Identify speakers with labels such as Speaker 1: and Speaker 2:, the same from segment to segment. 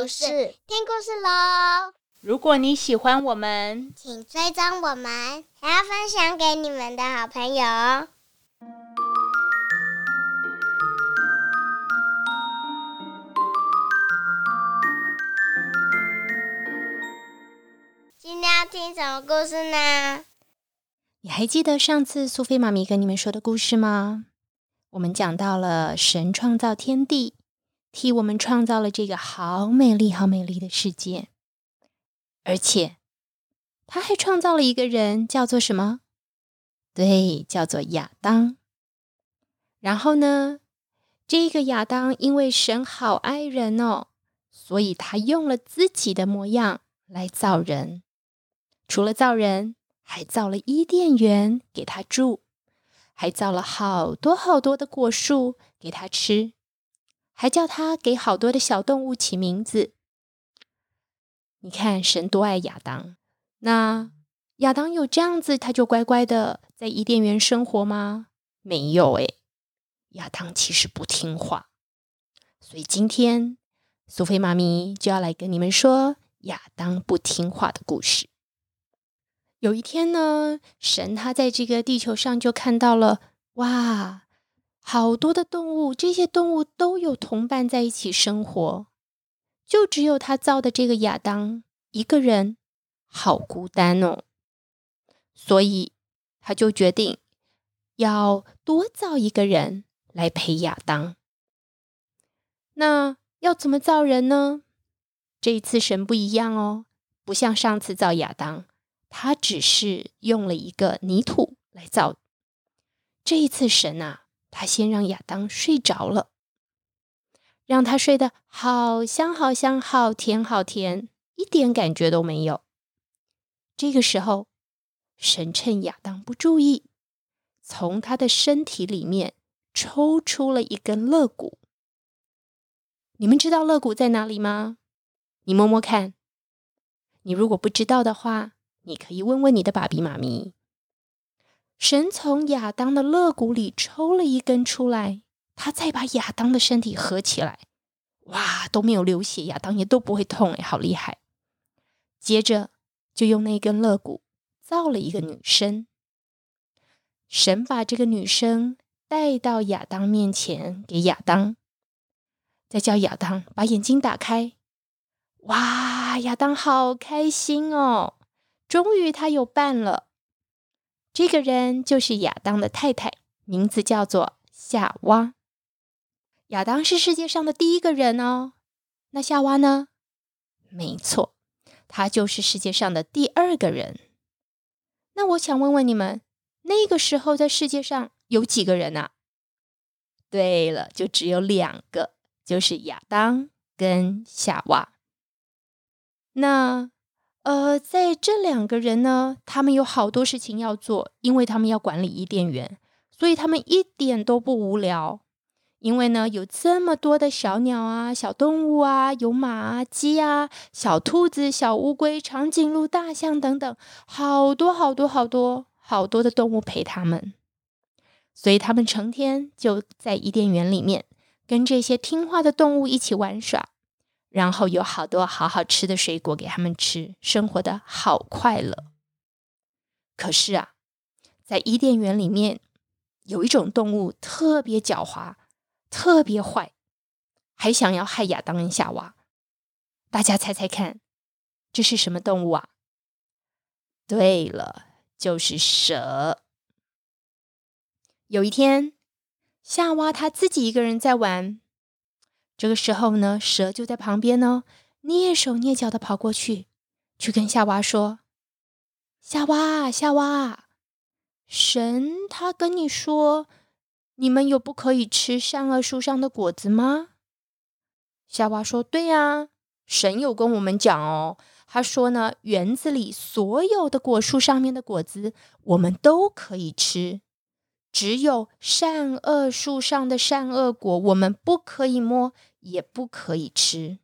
Speaker 1: 故事，聽故事嘍！如果你喜歡我們，請追蹤我們，還要分享給你們的好朋友。今天要聽什麼故事呢？你還記得上次蘇菲媽咪跟你們說的故事嗎？我們講到了神創造天地。替我們創造了這個好美麗、好美麗的世界，而且他還創造了一個人，叫做什麼？對，叫做亞當。然後呢，這個亞當因為神好愛人哦，所以他用了自己的模樣來造人。除了造人，還造了伊甸園給他住，還造了好多好多的果樹給他吃。還叫他給好多的小動物起名字。你看，神多愛亞當。那亞當有這樣子，他就乖乖的在伊甸園生活嗎？沒有誒，亞當其實不聽話。所以今天蘇菲媽咪就要來跟你們說亞當不聽話的故事。有一天呢，神他在這個地球上就看到了，哇！好多的動物，這些動物都有同伴在一起生活，就只有他造的這個亞當一個人，好孤單哦。所以他就決定要多造一個人來陪亞當。那要怎麼造人呢？這一次神不一樣哦，不像上次造亞當，他只是用了一個泥土來造。這一次神啊，他先讓亞當睡着了，讓他睡得好香好香，好甜好甜，一點感覺都沒有。這個時候，神趁亞當不注意，從他的身體裡面抽出了一根肋骨。你們知道肋骨在哪裡嗎？你摸摸看。你如果不知道的話，你可以問問你的爸比媽咪。神從亞當的肋骨裡抽了一根出來，他再把亞當的身體合起來，哇，都沒有流血，亞當也都不會痛，哎，誒，好厲害！接着就用那根肋骨造了一個女生。神把這個女生帶到亞當面前，給亞當，再叫亞當把眼睛打開。哇，亞當好開心哦，終於他有伴了。這個人就是亞當的太太，名字叫做夏娃。亞當是世界上的第一個人哦。那夏娃呢？沒錯，她就是世界上的第二個人。那我想問問你們，那個時候在世界上有幾個人呢？對了，就只有兩個，就是亞當跟夏娃。那。呃，在這兩個人呢，他們有好多事情要做，因為他們要管理伊甸園，所以他們一點都不無聊。因為呢，有這麼多的小鳥啊、小動物啊，有馬啊、雞啊、小兔子、小烏龜、長頸鹿、大象等等，好多好多好多好多的動物陪他們，所以他們成天就在伊甸園裡面跟這些聽話的動物一起玩耍。然後有好多好好吃的水果給他們吃，生活的好快樂。可是啊，在伊甸園裡面有一種動物特別狡猾、特別壞，還想要害亞當跟夏娃。大家猜猜看，這是什麼動物啊？對了，就是蛇。有一天，夏娃她自己一個人在玩。這個時候呢，蛇就在旁邊呢、哦，躡手躡腳的跑過去，去跟夏娃說：“夏娃，夏娃，神他跟你說，你們有不可以吃善惡樹上的果子嗎？”夏娃說：“對呀、啊，神有跟我們講哦，他說呢，園子裡所有的果樹上面的果子，我們都可以吃。”只有善惡樹上的善惡果，我們不可以摸，也不可以吃，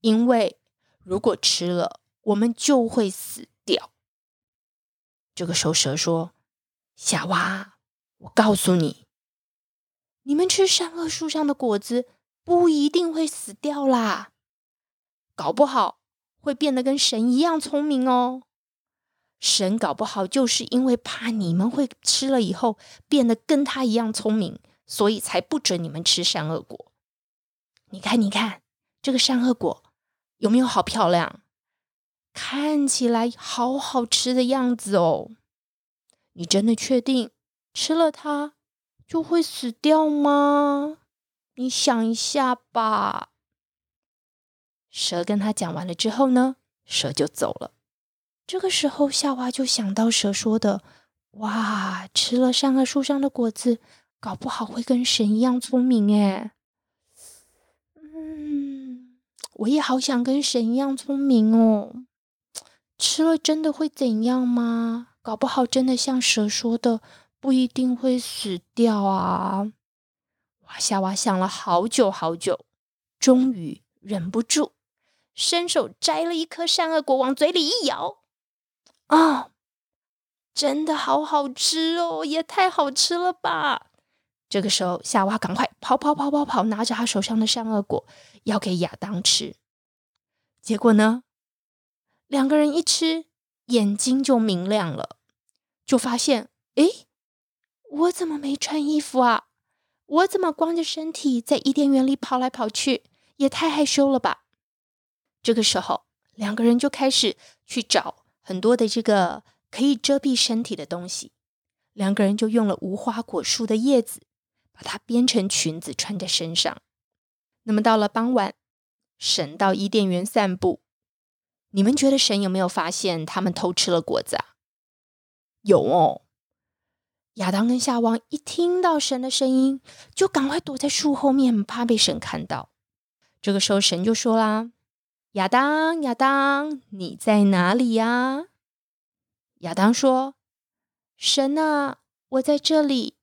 Speaker 1: 因為如果吃了，我們就會死掉。這個時候，蛇說：“夏娃，我告訴你，你們吃善惡樹上的果子，不一定會死掉啦，搞不好會變得跟神一樣聰明哦。”神搞不好就是因為怕你們會吃了以後變得跟他一樣聰明，所以才不准你們吃善惡果。你看，你看這個善惡果有沒有好漂亮？看起來好好吃的樣子哦。你真的確定吃了它就會死掉嗎？你想一下吧。蛇跟他講完了之後呢，蛇就走了。這個時候，夏娃就想到蛇說的：“哇，吃了善惡樹上的果子，搞不好會跟神一樣聰明。”哎，嗯，我也好想跟神一樣聰明哦。吃了真的會怎樣嗎？搞不好真的像蛇說的，不一定會死掉啊！哇，夏娃想了好久好久，終於忍不住伸手摘了一顆善惡果，往嘴裡一咬。啊、哦，真的好好吃哦！也太好吃了吧！這個時候，夏娃趕快跑跑跑跑跑，拿着她手上的善惡果要給亞當吃。結果呢，兩個人一吃，眼睛就明亮了，就發現，哎，我怎麼沒穿衣服啊？我怎麼光着身體在伊甸園裡跑來跑去？也太害羞了吧！這個時候，兩個人就開始去找。很多的這個可以遮蔽身體的東西，兩個人就用了無花果樹的葉子，把它編成裙子穿在身上。那麼到了傍晚，神到伊甸園散步，你們覺得神有沒有發現他們偷吃了果子啊？有哦。亞當跟夏娃一聽到神的聲音，就趕快躲在樹後面，怕被神看到。這個時候神就說啦。亞當，亞當，你在哪裡呀？亞當說：“神啊，我在這裡，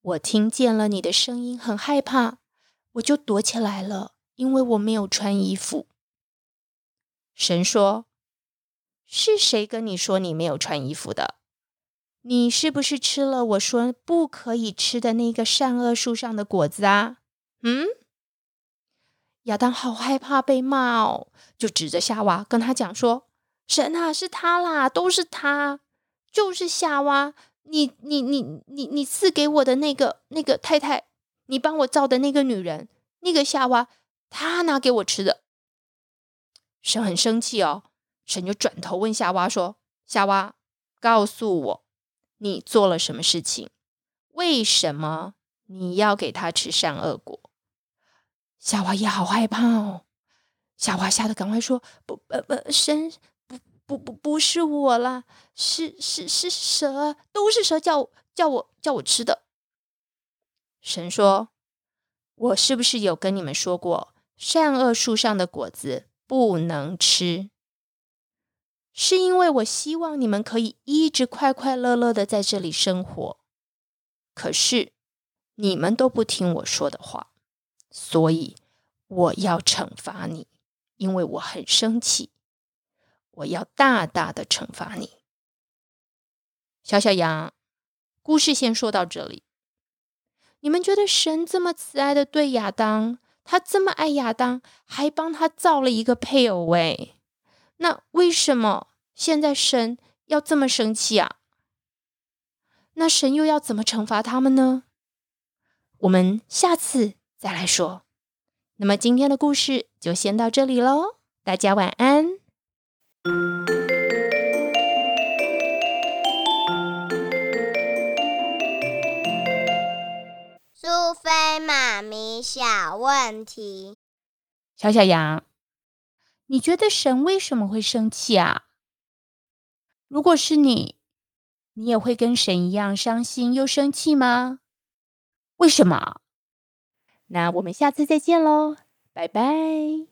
Speaker 1: 我聽見了你的聲音，很害怕，我就躲起來了，因為我沒有穿衣服。”神說：“是誰跟你說你沒有穿衣服的？你是不是吃了我說不可以吃的那個善惡樹上的果子啊？”嗯。亞當好害怕被罵哦，就指着夏娃跟他講說：“神啊，是他啦，都是他，就是夏娃，你你你你你賜給我的那個那個太太，你幫我造的那個女人，那個夏娃，她拿給我吃的。”神很生氣哦，神就轉頭問夏娃說：“夏娃，告訴我，你做了什麼事情？為什麼你要給他吃善惡果？”夏娃也好害怕哦，夏娃嚇得趕快說：“不，不，不，神，不，不，不，不是我啦，是是是蛇，都是蛇叫叫我叫我吃的。”神說：“我是不是有跟你們說過，善惡樹上的果子不能吃？是因為我希望你們可以一直快快樂樂的在這裡生活，可是你們都不聽我說的話。”所以我要懲罰你，因為我很生氣，我要大大的懲罰你。小小羊，故事先說到這裡。你們覺得神這麼慈愛的對亞當，他這麼愛亞當，還幫他造了一個配偶，哎，那為什麼現在神要這麼生氣啊？那神又要怎麼懲罰他們呢？我們下次。再來說，那麼今天的故事就先到這裡嘍。大家晚安。蘇菲媽咪小問題：小小羊，你覺得神為什麼會生氣啊？如果是你，你也會跟神一樣傷心又生氣嗎？為什麼？那我們下次再見嘍，拜拜。